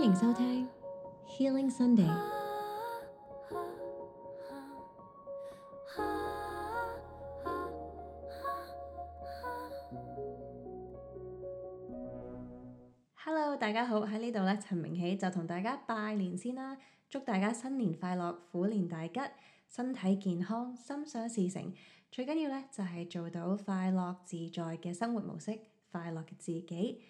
歡迎收聽 Healing Sunday。Hello，大家好喺呢度咧，陳明喜就同大家拜年先啦，祝大家新年快樂、虎年大吉、身體健康、心想事成，最緊要咧就係做到快樂自在嘅生活模式，快樂嘅自己。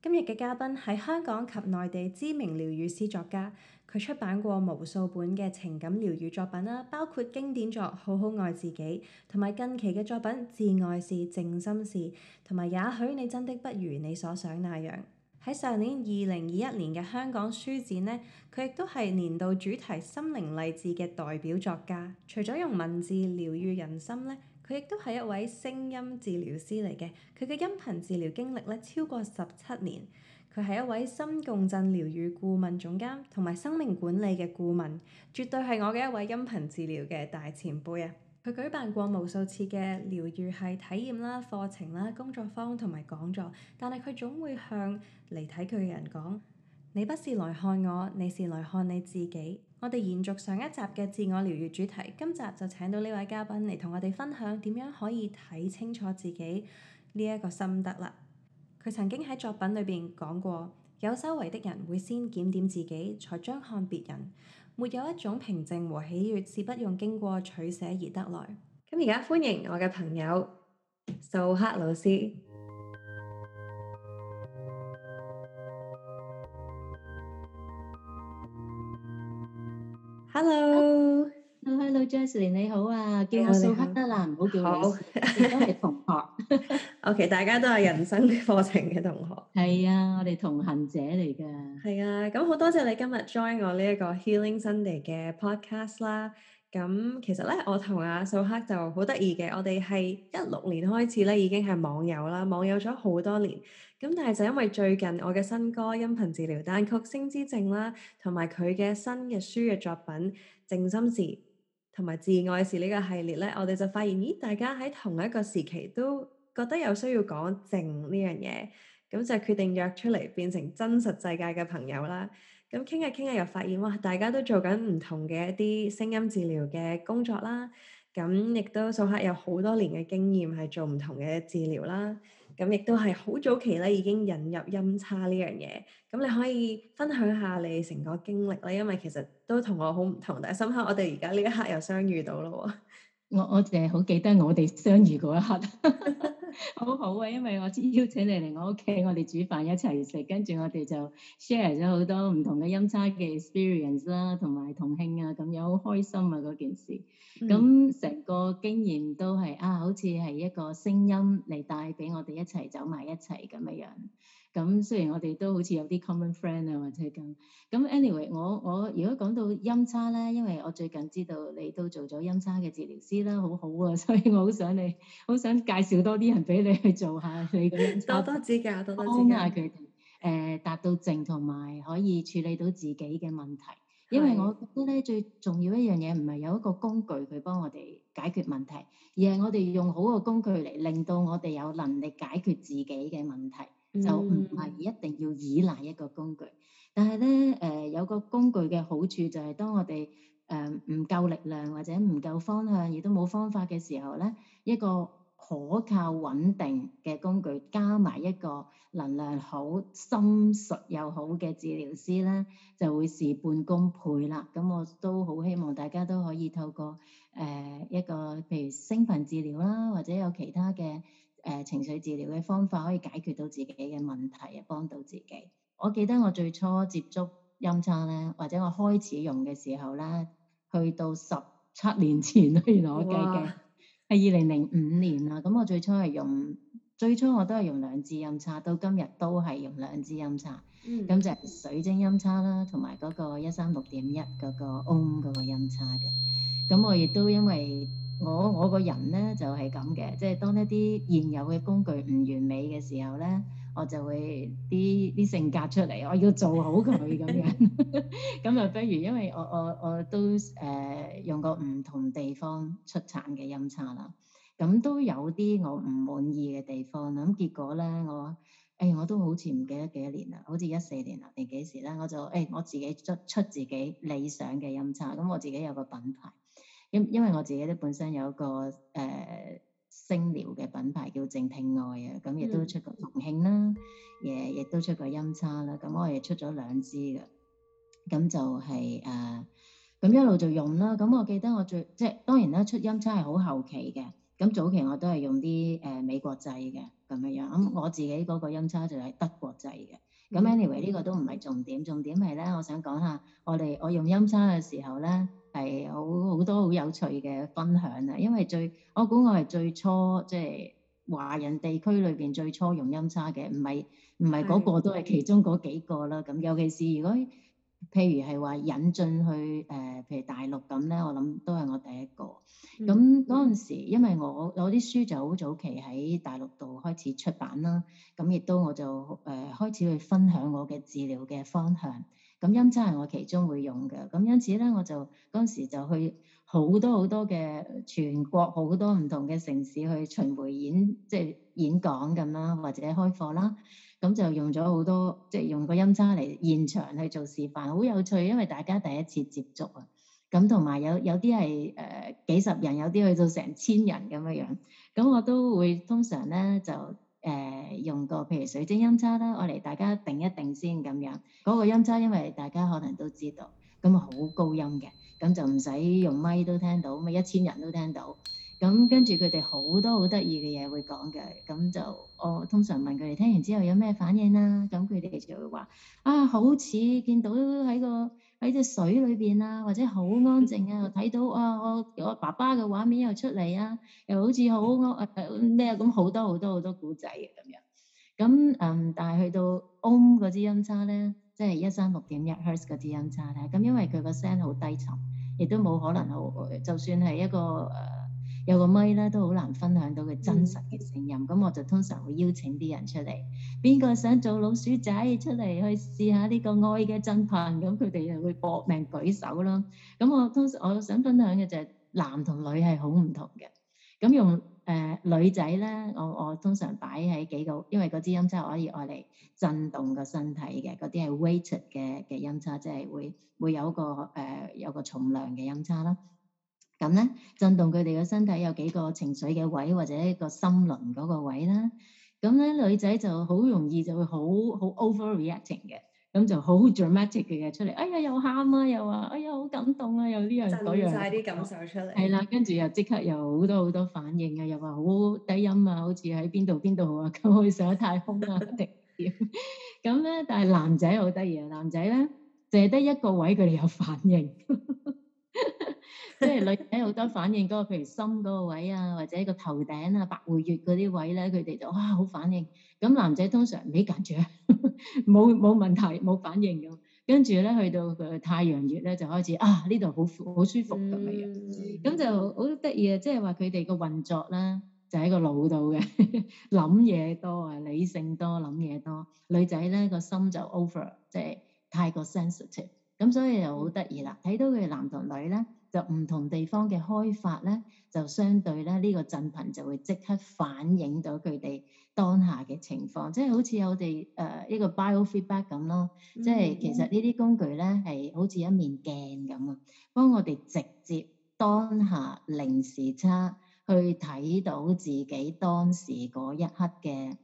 今日嘅嘉賓係香港及內地知名療愈師作家，佢出版過無數本嘅情感療愈作品啦，包括經典作《好好愛自己》同埋近期嘅作品《自愛是靜心事》同埋也許你真的不如你所想那樣。喺上年二零二一年嘅香港書展咧，佢亦都係年度主題心靈勵志嘅代表作家。除咗用文字療愈人心咧。佢亦都係一位聲音治療師嚟嘅，佢嘅音頻治療經歷咧超過十七年。佢係一位心共振療愈顧問總監同埋生命管理嘅顧問，絕對係我嘅一位音頻治療嘅大前輩啊！佢舉辦過無數次嘅療愈係體驗啦、課程啦、工作坊同埋講座，但係佢總會向嚟睇佢嘅人講：你不是來看我，你是來看你自己。我哋延續上一集嘅自我療愈主題，今集就請到呢位嘉賓嚟，同我哋分享點樣可以睇清楚自己呢一個心得啦。佢曾經喺作品裏邊講過，有修為的人會先檢點自己，才將看別人。沒有一種平靜和喜悅是不用經過取捨而得來。咁而家歡迎我嘅朋友，素黑老師。Hello，hello hello，Jaslyn 你好啊，叫我素黑得啦，唔好叫我老師，都係同學。OK，大家都係人生課程嘅同學。係啊，我哋同行者嚟㗎。係啊，咁好多謝你今日 join 我呢一個 Healing Sunday 嘅 podcast 啦。咁其實咧，我同阿素黑就好得意嘅，我哋係一六年開始咧，已經係網友啦，網友咗好多年。咁但係就因為最近我嘅新歌《音頻治療單曲星之靜》啦，同埋佢嘅新嘅書嘅作品《靜心事》同埋《自愛事》呢、這個系列咧，我哋就發現咦，大家喺同一個時期都覺得有需要講靜呢樣嘢。咁就決定約出嚟，變成真實世界嘅朋友啦。咁傾下傾下，又發現哇，大家都做緊唔同嘅一啲聲音治療嘅工作啦。咁亦都素黑有好多年嘅經驗係做唔同嘅治療啦。咁亦都係好早期咧，已經引入音叉呢樣嘢。咁你可以分享下你成個經歷啦，因為其實都同我好唔同。但係素黑，我哋而家呢一刻又相遇到咯。我我淨係好記得我哋相遇嗰一刻， 好好啊！因為我邀請你嚟我屋企，我哋煮飯一齊食，跟住我哋就 share 咗好多唔同嘅音叉嘅 experience 啦、啊，同埋同慶啊，咁樣好開心啊嗰件事。咁成、嗯、個經驗都係啊，好似係一個聲音嚟帶俾我哋一齊走埋一齊咁樣樣。咁雖然我哋都好似有啲 common friend 啊，或者咁。咁 anyway，我我如果講到音叉咧，因為我最近知道你都做咗音叉嘅治療師啦，好好啊，所以我好想你，好想介紹多啲人俾你去做下你嘅音叉。多多指教，多多指教，幫下佢哋誒達到靜同埋可以處理到自己嘅問題。因為我覺得咧最重要一樣嘢唔係有一個工具去幫我哋解決問題，而係我哋用好嘅工具嚟令到我哋有能力解決自己嘅問題。就唔係一定要依賴一個工具，但係咧誒有個工具嘅好處就係當我哋誒唔夠力量或者唔夠方向，亦都冇方法嘅時候咧，一個可靠穩定嘅工具加埋一個能量好、心術又好嘅治療師咧，就會事半功倍啦。咁我都好希望大家都可以透過誒、呃、一個譬如聲頻治療啦，或者有其他嘅。誒、呃、情緒治療嘅方法可以解決到自己嘅問題，幫到自己。我記得我最初接觸音叉咧，或者我開始用嘅時候咧，去到十七年前啦，原來我記嘅。係二零零五年啦。咁我最初係用，最初我都係用兩支音叉，到今日都係用兩支音叉。嗯。咁就係水晶音叉啦，同埋嗰個一三六點一嗰個歐姆嗰個音叉嘅。咁我亦都因為。我我個人咧就係咁嘅，即係當一啲現有嘅工具唔完美嘅時候咧，我就會啲啲性格出嚟，我要做好佢咁樣。咁啊，不如因為我我我都誒、呃、用過唔同地方出產嘅音叉啦，咁都有啲我唔滿意嘅地方啦。咁結果咧，我誒、哎、我都好似唔記得幾多年啦，好似一四年啊，定幾時咧？我就誒、哎、我自己出出自己理想嘅音叉。咁我自己有個品牌。因因為我自己都本身有一個誒、呃、聲療嘅品牌叫靜聽愛啊，咁、嗯、亦、嗯、都出過同慶啦，誒亦都出過音叉啦，咁、嗯嗯嗯、我亦出咗兩支嘅，咁就係、是、誒，咁、呃、一路就用啦。咁我記得我最即係當然啦，出音叉係好後期嘅，咁早期我都係用啲誒、呃、美國製嘅咁樣樣，咁我自己嗰個音叉就係德國製嘅。咁 anyway 呢、嗯、個都唔係重點，重點係咧我想講下，我哋我用音叉嘅時候咧。係好好多好有趣嘅分享啊！因為最我估我係最初即係、就是、華人地區裏邊最初用音叉嘅，唔係唔係嗰個都係其中嗰幾個啦。咁的尤其是如果譬如係話引進去誒、呃，譬如大陸咁咧，我諗都係我第一個。咁嗰陣時，因為我我啲書就好早期喺大陸度開始出版啦，咁亦都我就誒、呃、開始去分享我嘅治療嘅方向。咁音叉係我其中會用嘅，咁因此咧我就嗰陣時就去好多好多嘅全國好多唔同嘅城市去巡迴演即係演講咁啦，或者開課啦，咁就用咗好多即係用個音叉嚟現場去做示範，好有趣，因為大家第一次接觸啊，咁同埋有有啲係誒幾十人，有啲去到成千人咁嘅樣，咁我都會通常咧就。誒、嗯、用個，譬如水晶音叉啦，我嚟大家定一定先咁樣，嗰、那個音叉，因為大家可能都知道，咁啊好高音嘅，咁就唔使用用咪都聽到，咁一千人都聽到，咁跟住佢哋好多好得意嘅嘢會講嘅，咁就我通常問佢哋聽完之後有咩反應啦、啊，咁佢哋就會話啊，好似見到喺個，喺只水裏面啊，或者好安靜看啊，睇到啊我我爸爸嘅畫面又出嚟啊，又好似好安啊，咩咁好多好多好多故仔啊。咁樣，咁嗯，但係去到 Om、oh、嗰支音叉咧，即係一三六點一 Hertz 嗰支音叉咧，咁因為佢個聲好低沉，亦都冇可能好，就算係一個誒。呃有個咪咧，都好難分享到佢真實嘅聲音。咁、嗯、我就通常會邀請啲人出嚟，邊個想做老鼠仔出嚟去試下呢個愛嘅振頻？咁佢哋又會搏命舉手啦。咁我通常我想分享嘅就係男同女係好唔同嘅。咁用誒、呃、女仔咧，我我通常擺喺幾個，因為支音叉可以愛嚟震動個身體嘅，嗰啲係 weighted 嘅嘅音叉，即係會會有一個、呃、有一個重量嘅音叉啦。咁咧，震動佢哋嘅身體有幾個情緒嘅位，或者一個心輪嗰個位啦。咁咧，女仔就好容易就會好好 overreacting 嘅，咁就好 dramatic 嘅出嚟。哎呀，又喊啊，又話，哎呀，好感動啊，又呢樣嗰樣，真啲感受出嚟。係啦，跟住又即刻又好多好多反應啊，又話好低音啊，好似喺邊度邊度啊，咁去上太空啊，點點。咁咧，但係男仔好得意啊，男仔咧，淨係得一個位佢哋有反應。 即係女仔好多反應嗰個，譬如心嗰個位啊，或者個頭頂啊、白回穴百會穴嗰啲位咧，佢哋就哇好反應。咁男仔通常未及著，冇冇問題，冇反應嘅。跟住咧去到誒太陽穴咧，就開始啊呢度好好舒服咁、嗯、樣。咁就好得意啊！即係話佢哋個運作咧，就喺個腦度嘅，諗嘢多啊，理性多，諗嘢多。女仔咧個心就 over，即係太過 sensitive。咁所以又好得意啦。睇到佢男同女咧。就唔同地方嘅開發咧，就相對咧呢個振頻就會即刻反映到佢哋當下嘅情況，即係好似我哋誒呢個 biofeedback 咁咯，即係其實呢啲工具咧係好似一面鏡咁啊，幫我哋直接當下零時差去睇到自己當時嗰一刻嘅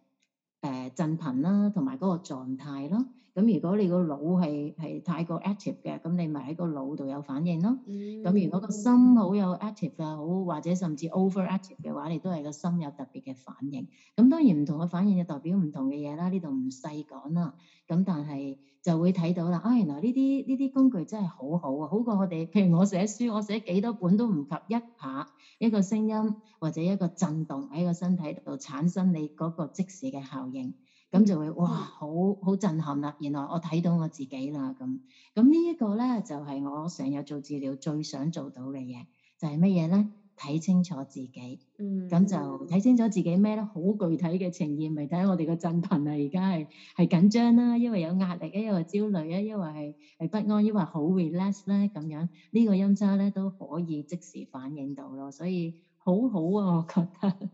誒振頻啦，同埋嗰個狀態咯。咁如果你個腦係係太過 active 嘅，咁你咪喺個腦度有反應咯。咁、嗯、如果個心好有 active 啊，好或者甚至 overactive 嘅話，你都係個心有特別嘅反應。咁當然唔同嘅反應就代表唔同嘅嘢啦。呢度唔細講啦。咁但係就會睇到啦。啊，原來呢啲呢啲工具真係好好啊，好過我哋。譬如我寫書，我寫幾多本都唔及一下一個聲音或者一個震動喺個身體度產生你嗰個即時嘅效應。咁就會哇，好好震撼啦！原來我睇到我自己啦，咁咁呢一個咧就係、是、我成日做治療最想做到嘅嘢，就係乜嘢咧？睇清楚自己。嗯。咁就睇清楚自己咩咧？好具體嘅情意，咪睇下我哋個震頻啊！而家係係緊張啦，因為有壓力，因為焦慮啊，因為係係、啊、不安，因為好 relax 啦。咁樣，呢、這個音叉咧都可以即時反映到咯，所以好好啊，我覺得。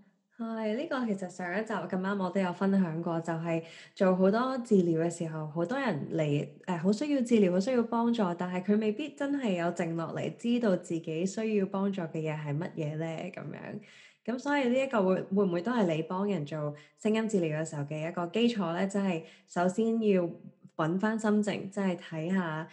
係，呢個其實上一集咁啱我都有分享過，就係、是、做好多治療嘅時候，好多人嚟，誒、好需要治療，好需要幫助，但係佢未必真係有靜落嚟，知道自己需要幫助嘅嘢係乜嘢咧？咁樣，咁所以呢一個會會唔會都係你幫人做聲音治療嘅時候嘅一個基礎咧？即、就、係、是、首先要揾翻心靜，即係睇下。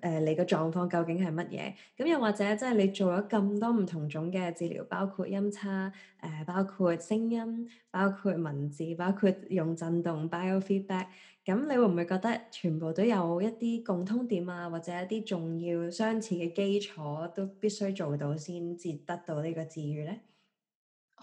誒、呃，你個狀況究竟係乜嘢？咁又或者，即係你做咗咁多唔同種嘅治療，包括音叉，誒、呃，包括聲音，包括文字，包括用震動 Biofeedback，咁你會唔會覺得全部都有一啲共通點啊，或者一啲重要相似嘅基礎都必須做到先至得到呢個治癒呢？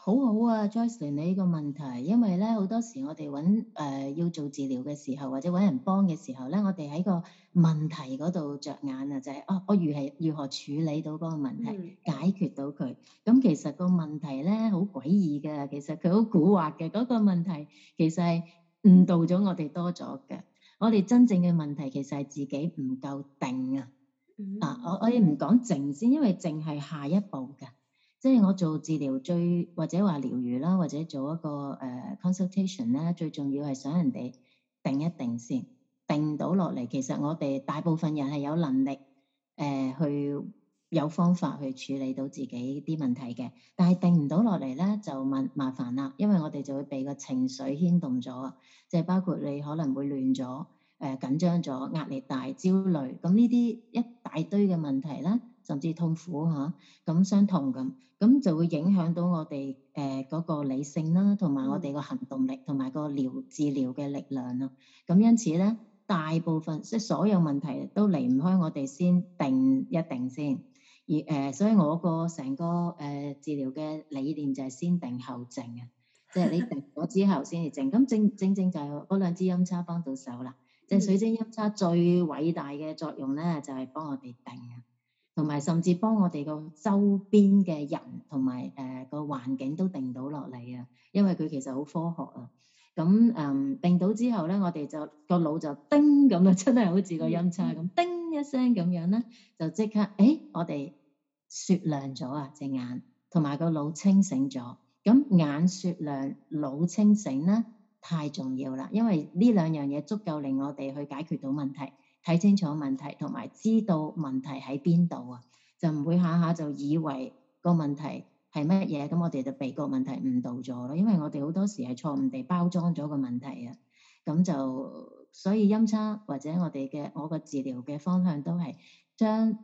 好好啊，Jocelyn，你呢個問題，因為咧好多時我哋揾、呃、要做治療嘅時候，或者揾人幫嘅時候咧，我哋喺個問題嗰度着眼、就係、啊，就係哦，我如係如何處理到嗰個問題，解決到佢？咁其實個問題咧好詭異嘅，其實佢好蠱惑嘅，嗰、嗰個問題其實係誤導咗我哋多咗嘅。我哋真正嘅問題其實係自己唔夠定啊！嗱，我我哋唔講靜先，因為靜係下一步嘅。即係我做治療最或者話療癒啦，或者做一個誒、uh, consultation 啦，最重要係想人哋定一定先，定唔到落嚟。其實我哋大部分人係有能力誒、呃、去有方法去處理到自己啲問題嘅，但係定唔到落嚟咧就問麻煩啦，因為我哋就會被個情緒牽動咗，即係包括你可能會亂咗、誒、呃、緊張咗、壓力大、焦慮，咁呢啲一大堆嘅問題啦。甚至痛苦嚇，咁傷痛咁，咁就會影響到我哋誒嗰個理性啦，同埋我哋個行動力同埋個療治療嘅力量咯。咁因此咧，大部分即係所有問題都離唔開我哋先定一定先，而誒，所以我個成個誒治療嘅理念就係先定後靜啊，即係你定咗之後先至靜。咁 正正正就係嗰兩支音叉幫到手啦，即係水晶音叉最偉大嘅作用咧，就係幫我哋定啊。同埋甚至幫我哋個周邊嘅人同埋誒個環境都定到落嚟啊！因為佢其實好科學啊。咁誒、呃、定到之後咧，我哋就個腦就叮咁啊，真係好似個音叉咁叮一聲咁樣咧，就即刻誒、欸、我哋雪亮咗啊隻眼，同埋個腦清醒咗。咁眼雪亮、腦清醒咧，太重要啦！因為呢兩樣嘢足夠令我哋去解決到問題。睇清楚問題同埋知道問題喺邊度啊，就唔會下下就以為個問題係乜嘢，咁我哋就被個問題誤導咗咯。因為我哋好多時係錯誤地包裝咗個問題啊，咁就所以音叉或者我哋嘅我個治療嘅方向都係將誒、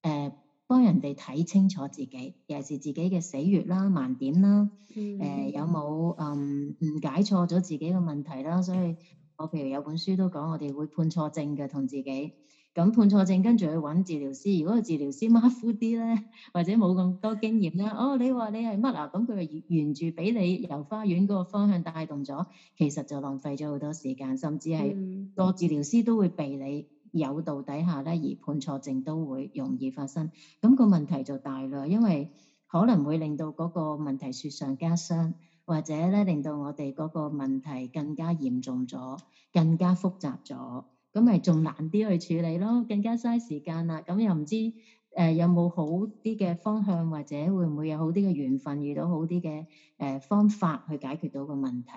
呃、幫人哋睇清楚自己，尤其是自己嘅死穴啦、盲點啦，誒、嗯呃、有冇嗯誤解錯咗自己嘅問題啦，所以。我譬如有本書都講，我哋會判錯症嘅同自己。咁判錯症，跟住去揾治療師。如果個治療師馬虎啲咧，或者冇咁多經驗咧，哦，你話你係乜啊？咁佢就沿住俾你由花園嗰個方向帶動咗，其實就浪費咗好多時間，甚至係個治療師都會被你誘導底下咧而判錯症都會容易發生。咁個問題就大啦，因為可能會令到嗰個問題雪上加霜。或者咧，令到我哋嗰個問題更加嚴重咗，更加複雜咗，咁咪仲難啲去處理咯，更加嘥時間啦。咁又唔知誒、呃、有冇好啲嘅方向，或者會唔會有好啲嘅緣分遇到好啲嘅誒方法去解決到個問題？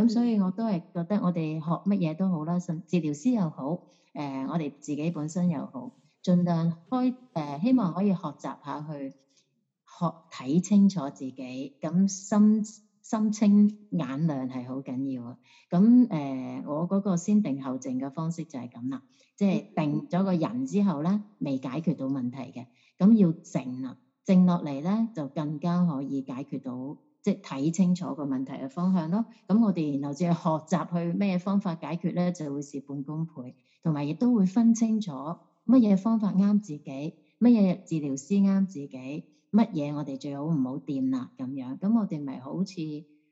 咁所以我都係覺得我哋學乜嘢都好啦，治療師又好，誒、呃、我哋自己本身又好，儘量開誒、呃，希望可以學習下去學睇清楚自己咁心。心清眼亮係好緊要啊！咁誒、呃，我嗰個先定後靜嘅方式就係咁啦，即係定咗個人之後咧，未解決到問題嘅，咁要靜啦，靜落嚟咧就更加可以解決到，即係睇清楚個問題嘅方向咯。咁我哋然後再學習去咩方法解決咧，就會事半功倍，同埋亦都會分清楚乜嘢方法啱自己，乜嘢治療師啱自己。乜嘢我哋最好唔好掂啦，咁樣咁我哋咪好似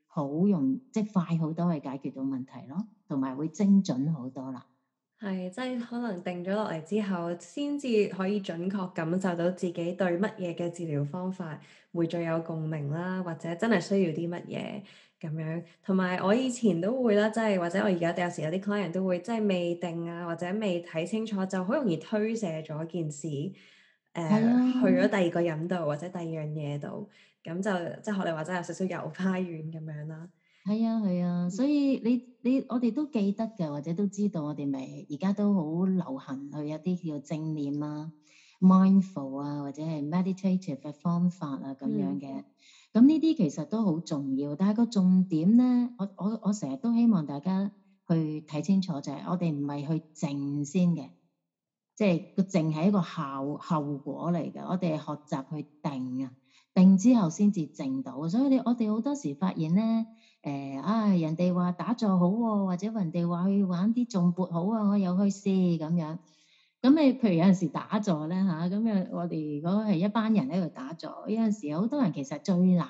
好容易，即係快好多去解決到問題咯，同埋會精準好多啦。係，即係可能定咗落嚟之後，先至可以準確感受到自己對乜嘢嘅治療方法會最有共鳴啦，或者真係需要啲乜嘢咁樣。同埋我以前都會啦，即係或者我而家有時有啲 client 都會即係未定啊，或者未睇清楚，就好容易推卸咗件事。誒、呃啊、去咗第二個引導，或者第二樣嘢度，咁就即係學你話齋有少少遊花園咁樣啦。係啊係啊，所以你你我哋都記得嘅，或者都知道我哋咪而家都好流行去一啲叫正念啊、mindful 啊或者係 meditative 嘅方法啊咁樣嘅。咁呢啲其實都好重要，但係個重點咧，我我我成日都希望大家去睇清楚就係、是，我哋唔係去靜先嘅。即係個靜係一個效效果嚟嘅，我哋學習去定啊，定之後先至靜到。所以你我哋好多時發現咧，誒、呃、啊，人哋話打坐好、啊，或者人哋話去玩啲重撥好啊，我又去試咁樣。咁你譬如有陣時打坐咧吓，咁、啊、又我哋如果係一班人喺度打坐，有陣時好多人其實最難。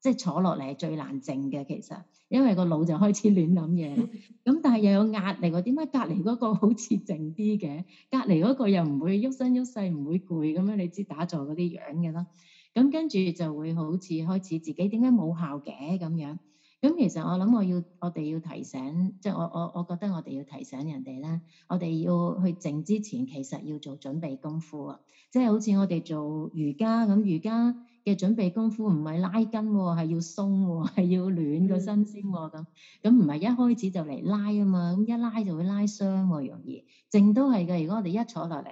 即係坐落嚟係最難靜嘅，其實，因為個腦就開始亂諗嘢。咁 但係又有壓力喎，點解隔離嗰個好似靜啲嘅？隔離嗰個又唔會喐身喐勢，唔會攰咁樣。你知打坐嗰啲樣嘅啦。咁跟住就會好似開始自己點解冇效嘅咁樣。咁、嗯、其實我諗我要我哋要提醒，即係我我我覺得我哋要提醒人哋咧，我哋要去靜之前，其實要做準備功夫啊。即係好似我哋做瑜伽咁、嗯，瑜伽。嘅準備功夫唔係拉筋喎、啊，係要鬆喎、啊，係要暖個身先喎、啊。咁咁唔係一開始就嚟拉啊嘛，咁一拉就會拉傷喎、啊，容易靜都係嘅。如果我哋一坐落嚟，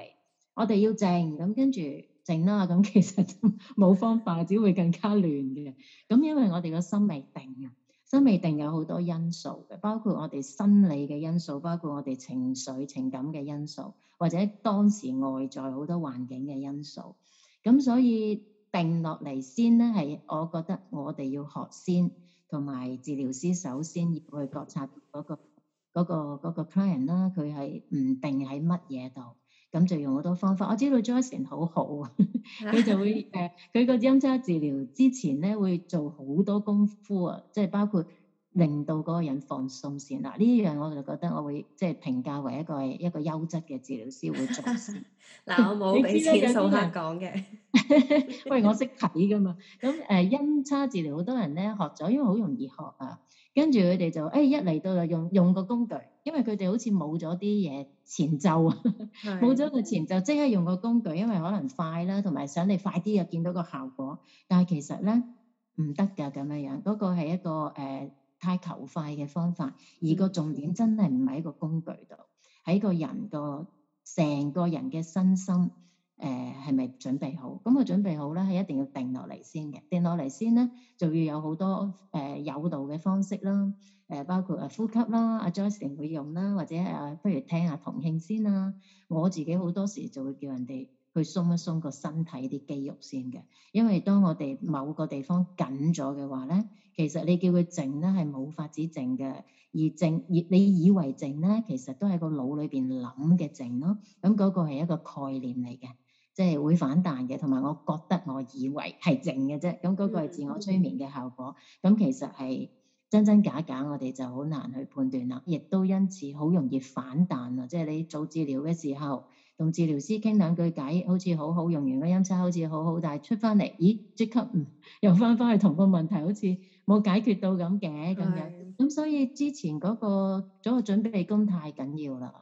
我哋要靜，咁跟住靜啦。咁其實冇方法，只會更加亂嘅。咁因為我哋個心未定啊，心未定有好多因素嘅，包括我哋心理嘅因素，包括我哋情緒情感嘅因素，或者當時外在好多環境嘅因素。咁所以，定落嚟先咧，係我覺得我哋要學先，同埋治療師首先要去覺察嗰、嗰個嗰、嗰個嗰個 client 啦，佢係唔定喺乜嘢度，咁就用好多方法。我知道 Joyce 好好，佢 就會誒，佢、呃、個音叉治療之前咧會做好多功夫啊，即係包括。令到嗰個人放鬆先嗱，呢樣我就覺得我會即係評價為一個一個優質嘅治療師會做。嗱 先，我冇俾錢好難講嘅。喂，我識睇噶嘛？咁誒、 啊、音叉治療好多人咧學咗，因為好容易學啊。跟住佢哋就誒、哎、一嚟到就用用個工具，因為佢哋好似冇咗啲嘢前奏啊，冇咗個前奏，即 的 刻用個工具，因為可能快啦，同埋想你快啲又見到個效果。但係其實咧唔得㗎咁樣樣，嗰個係一個誒。太求快嘅方法，而個重點真係唔喺個工具度，喺個人個成個人嘅身心，誒係咪準備好？咁、那、我、個、準備好咧，係一定要定落嚟先嘅，定落嚟先咧，就要有好多誒、呃、誘導嘅方式啦，誒、呃、包括誒、啊、呼吸啦，阿 Joyce 會用啦，或者誒、啊、不如聽下《同慶》先啦。我自己好多時就會叫人哋。去鬆一鬆個身體啲肌肉先嘅，因為當我哋某個地方緊咗嘅話咧，其實你叫佢靜咧係冇法子靜嘅，而靜而你以為靜咧，其實都係個腦裏邊諗嘅靜咯，咁，嗯，嗰個係一個概念嚟嘅，即係會反彈嘅，同埋我覺得我以為係靜嘅啫，咁嗰個係自我催眠嘅效果，咁，嗯嗯，其實係真真假假，我哋就好難去判斷啦，亦都因此好容易反彈啦，即係你做治療嘅時候。同治療師傾兩句偈，好似好好，用完個音叉好似好好，但係出翻嚟，咦，即刻唔、嗯，又翻翻去同個問題，好似冇解決到咁嘅咁樣。咁是所以之前嗰個，嗰個準備功太緊要啦。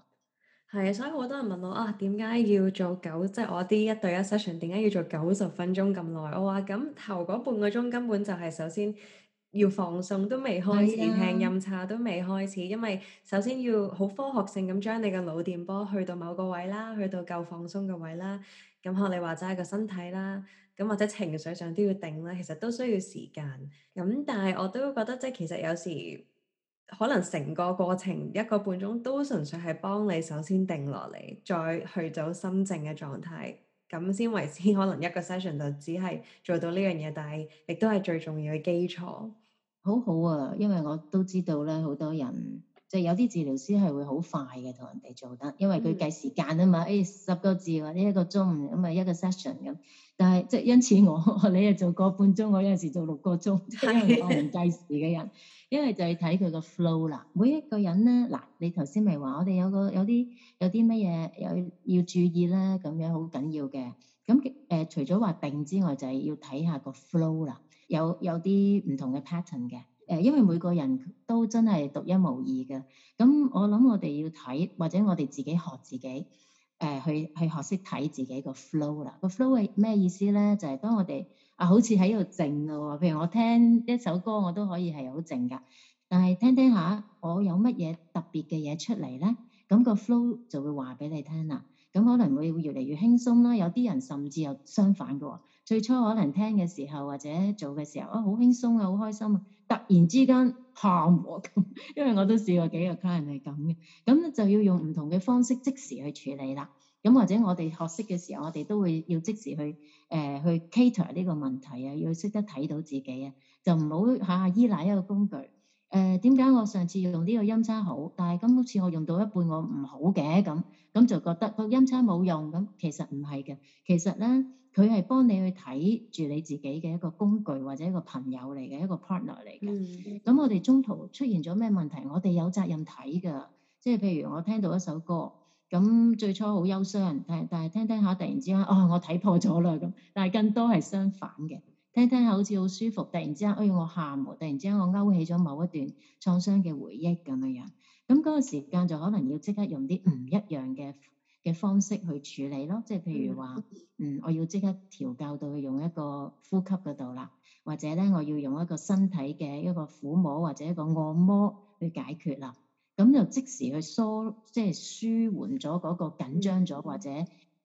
係啊，所以好多人問我啊，點解要做九？即、就、係、是、我啲一對一 session，點解要做九十分鐘咁耐？我話咁頭嗰半個鐘根本就係首先。要放鬆都未開始，聽音叉都未開始，因為首先要好科學性咁將你嘅腦電波去到某個位啦，去到夠放鬆嘅位啦。咁學你話齋個身體啦，咁或者情緒上都要定啦。其實都需要時間。咁但係我都覺得即係其實有時可能成個過程一個半鐘都純粹係幫你首先定落嚟，再去到心靜嘅狀態，咁先為之可能一個 session 就只係做到呢樣嘢，但係亦都係最重要嘅基礎。好好啊，因為我都知道咧，好多人即係有啲治療師係會好快嘅，同人哋做得，因為佢計時間啊嘛。誒、嗯，十、哎、個字或者一個鐘咁啊，一個 session 咁。但係即係因此我你係做個半鐘，我有陣時做六個鐘，因為我唔計時嘅人，的因為就係睇佢個 flow 啦。每一個人咧，嗱，你頭先咪話我哋有個有啲有啲乜嘢有要注意咧，咁樣好緊要嘅。咁誒、呃，除咗話定之外，就係、是、要睇下個 flow 啦。有有啲唔同嘅 pattern 嘅，誒、呃，因為每個人都真係獨一無二嘅，咁我諗我哋要睇，或者我哋自己學自己，誒、呃，去去學識睇自己個 flow 啦，個 flow 係咩意思咧？就係當我哋啊，好似喺度靜咯，譬如我聽一首歌，我都可以係好靜噶，但係聽聽下，我有乜嘢特別嘅嘢出嚟咧？咁個 flow 就會話俾你聽啦。咁可能會越嚟越輕鬆啦，有啲人甚至又相反嘅喎。最初可能聽嘅時候或者做嘅時候，啊好輕鬆啊，好開心啊，突然之間喊喎咁，因為我都試過幾個 client 係咁嘅。咁就要用唔同嘅方式即時去處理啦。咁或者我哋學識嘅時候，我哋都會要即時去誒、呃、去 cater 呢個問題啊，要識得睇到自己啊，就唔好下下依賴一個工具。誒點解我上次要用呢個音叉好，但係今次我用到一半我唔好嘅？咁，咁就覺得個音叉冇用，咁其實唔係嘅，其實咧佢係幫你去睇住你自己嘅一個工具或者一個朋友嚟嘅一個 partner 嚟嘅。咁、嗯、我哋中途出現咗咩問題，我哋有責任睇㗎。即係譬如我聽到一首歌，咁最初好憂傷，但係但係聽聽下，突然之間，哦，我睇破咗啦咁。但係更多係相反嘅。聽聽好似好舒服，突然之間，哎，我喊，突然之間我勾起咗某一段創傷嘅回憶咁樣樣，咁嗰個時間就可能要即刻用啲唔一樣嘅嘅方式去處理咯，即係譬如話，嗯，我要即刻調教到去用一個呼吸嗰度啦，或者咧我要用一個身體嘅一個撫摸或者一個按摩去解決啦，咁就即時去疏即係舒緩咗嗰個緊張咗或者。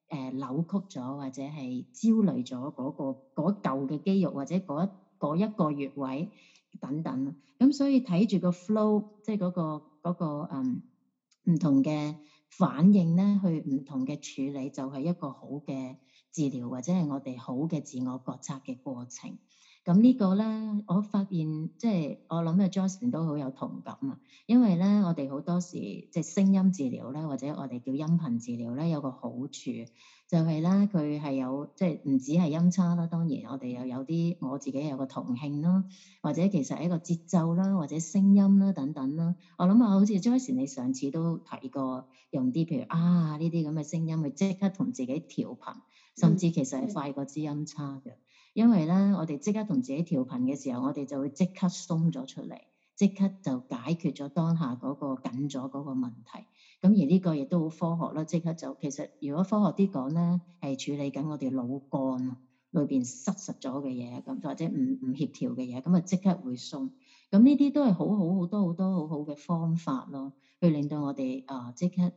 誒扭曲咗或者係焦慮咗嗰個嗰舊嘅肌肉或者嗰一一個穴位等等，咁所以睇住個 flow，即係嗰、嗰個、嗰個、嗯唔同嘅反應咧，去唔同嘅處理就係一個好嘅治療或者係我哋好嘅自我覺察嘅過程。咁呢個咧，我發現即係我諗啊 Joyce 都好有同感啊。因為咧，我哋好多時即係聲音治療咧，或者我哋叫音頻治療咧，有個好處就係、是、咧，佢係有即係唔止係音叉啦。當然，我哋又有啲我自己有個同慶啦，或者其實係一個節奏啦，或者聲音啦等等啦。我諗啊，好似 Joyce 你上次都提過用啲譬如啊呢啲咁嘅聲音去即刻同自己調頻，甚至其實係快過支音叉嘅。因為咧，我哋即刻同自己調頻嘅時候，我哋就會即刻鬆咗出嚟，即刻就解決咗當下嗰個緊咗嗰個問題。咁而呢個亦都好科學啦，即刻就其實如果科學啲講咧，係處理緊我哋腦幹啊裏邊塞實咗嘅嘢，咁或者唔唔協調嘅嘢，咁啊即刻會鬆。咁呢啲都係好好好好好多好多好好嘅方法咯，去令到我哋啊即刻誒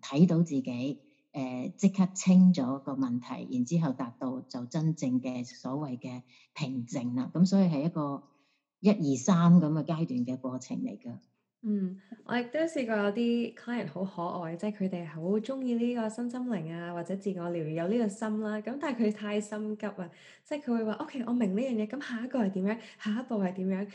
睇、嗯、到自己。誒即刻清咗個問題，然之後達到就真正嘅所謂嘅平靜啦，咁所以係一個一、二、三咁嘅階段嘅過程嚟㗎。嗯，我亦都試過有啲 client 好可愛，即係佢哋好中意呢個心心靈啊，或者自我療癒有呢個心啦、啊。咁但係佢太心急啊，即係佢會話：O K，我明呢樣嘢，咁下一個係點樣？下一步係點樣？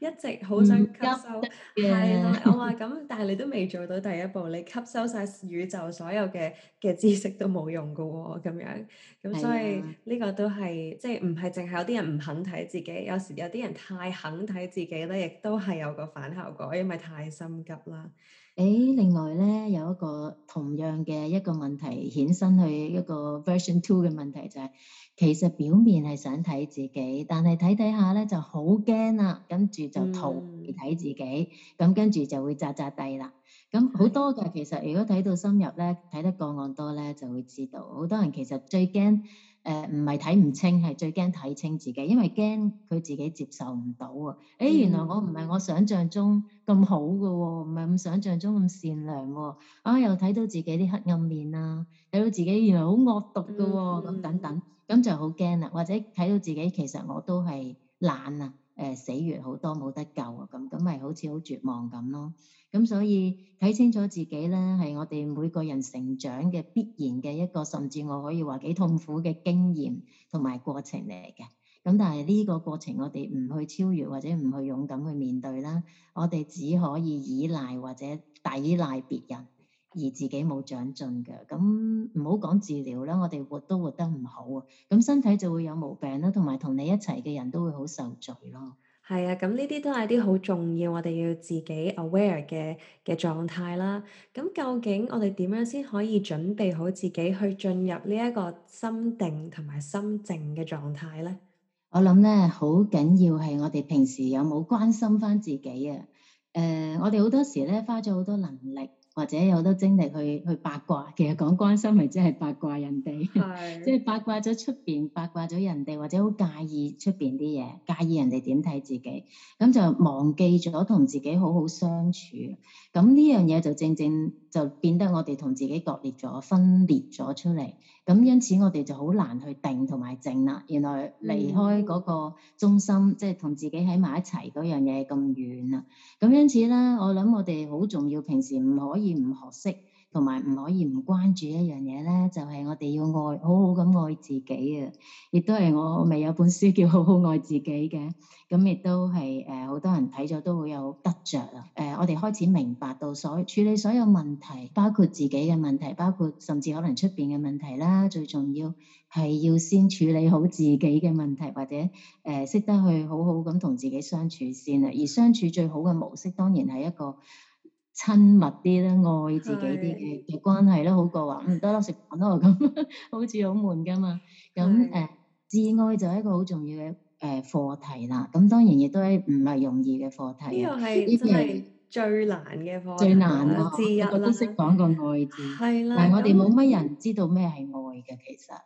一直好想吸收，係 我話咁，但係你都未做到第一步，你吸收晒宇宙所有嘅嘅知識都冇用噶喎、哦，咁樣咁所以呢 個都係即係唔係淨係有啲人唔肯睇自己，有時有啲人太肯睇自己咧，亦都係有個反效果。你咪太心急啦！誒、 哎，另外咧有一個同樣嘅一個問題衍生去一個 Version Two 嘅問題就係、是，其實表面係想睇自己，但係睇睇下咧就好驚啦，跟住就逃避睇自己，咁、嗯、跟住就會扎扎低啦。咁好多嘅的其實，如果睇到深入咧，睇得個案多咧，就會知道，好多人其實最驚。誒唔係睇唔清，係最驚睇清自己，因為驚佢自己接受唔到啊！誒、欸、原來我唔係我想像中咁好嘅喎、啊，唔係咁想像中咁善良喎、啊，啊又睇到自己啲黑暗面啦、啊，睇到自己原來好惡毒嘅喎、啊，咁、嗯、等等，咁就好驚啦，或者睇到自己其實我都係懶啊。誒死完好多冇得救啊！咁咁咪好似好絕望咁咯。咁所以睇清楚自己啦，係我哋每個人成長嘅必然嘅一個，甚至我可以話幾痛苦嘅經驗同埋過程嚟嘅。咁但係呢個過程，我哋唔去超越或者唔去勇敢去面對啦，我哋只可以依賴或者抵賴別人。而自己冇長進嘅，咁唔好講治療啦，我哋活都活得唔好啊，咁身體就會有毛病啦，同埋同你一齊嘅人都會好受罪咯。係啊，咁呢啲都係啲好重要，我哋要自己 aware 嘅嘅狀態啦。咁究竟我哋點樣先可以準備好自己去進入呢一個心定同埋心靜嘅狀態呢？我諗咧，好緊要係我哋平時有冇關心返自己啊？誒、呃，我哋好多時咧花咗好多能力，或者有好多精力去去八卦，其實講關心咪即係八卦人哋，即係是 八卦咗出邊，八卦咗人哋，或者好介意出邊啲嘢，介意人哋點睇自己，咁就忘記咗同自己好好相處。咁呢樣嘢就正正就變得我哋同自己割裂咗、分裂咗出嚟，咁因此我哋就好難去定同埋靜啦。原來離開嗰個中心，嗯、即係同自己喺埋一齊嗰樣嘢咁遠啦。咁因此呢，我諗我哋好重要，平時唔可以唔學識。同埋唔可以唔關注一樣嘢咧，就係我哋要愛好好咁愛自己啊！亦都係我未有本書叫《好好愛自己》嘅，咁亦都係誒好多人睇咗都會有得着啊！誒，我哋開始明白到所處理所有問題，包括自己嘅問題，包括甚至可能出邊嘅問題啦。最重要係要先處理好自己嘅問題，或者誒識得去好好咁同自己相處先啊！而相處最好嘅模式，當然係一個。親密啲啦，愛自己啲嘅關係啦，的好過話唔得啦，食飯咯咁， 好似好悶噶嘛。咁誒，的呃、自愛就係一個好重要嘅誒課題啦。咁當然亦都係唔係容易嘅課題。呢個係真係最難嘅課題。最難啊！知啦一。我覺得識講個愛字，的但係我哋冇乜人知道咩係愛嘅其實。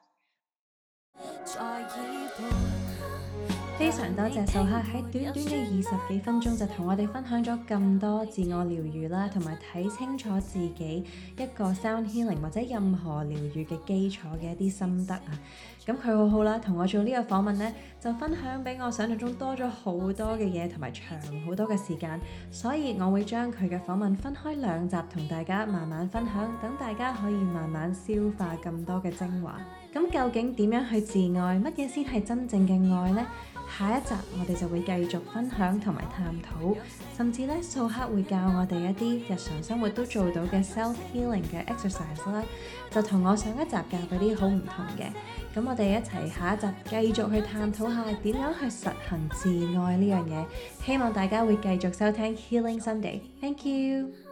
非常多謝素黑喺短短嘅二十幾分鐘就同我哋分享咗咁多自我療愈啦，同埋睇清楚自己一個 sound healing 或者任何療愈嘅基礎嘅一啲心得啊。咁佢好好啦，同我做呢個訪問呢，就分享比我想象中多咗好多嘅嘢，同埋長好多嘅時間，所以我會將佢嘅訪問分開兩集，同大家慢慢分享，等大家可以慢慢消化咁多嘅精華。咁究竟點樣去自愛？乜嘢先係真正嘅愛呢？下一集我哋就會繼續分享同埋探討，甚至咧素黑會教我哋一啲日常生活都做到嘅 self healing 嘅 exercise 啦，就同我上一集教嗰啲好唔同嘅。咁我哋一齊下一集繼續去探討下點樣去實行自愛呢樣嘢。希望大家會繼續收聽 Healing Sunday，Thank you。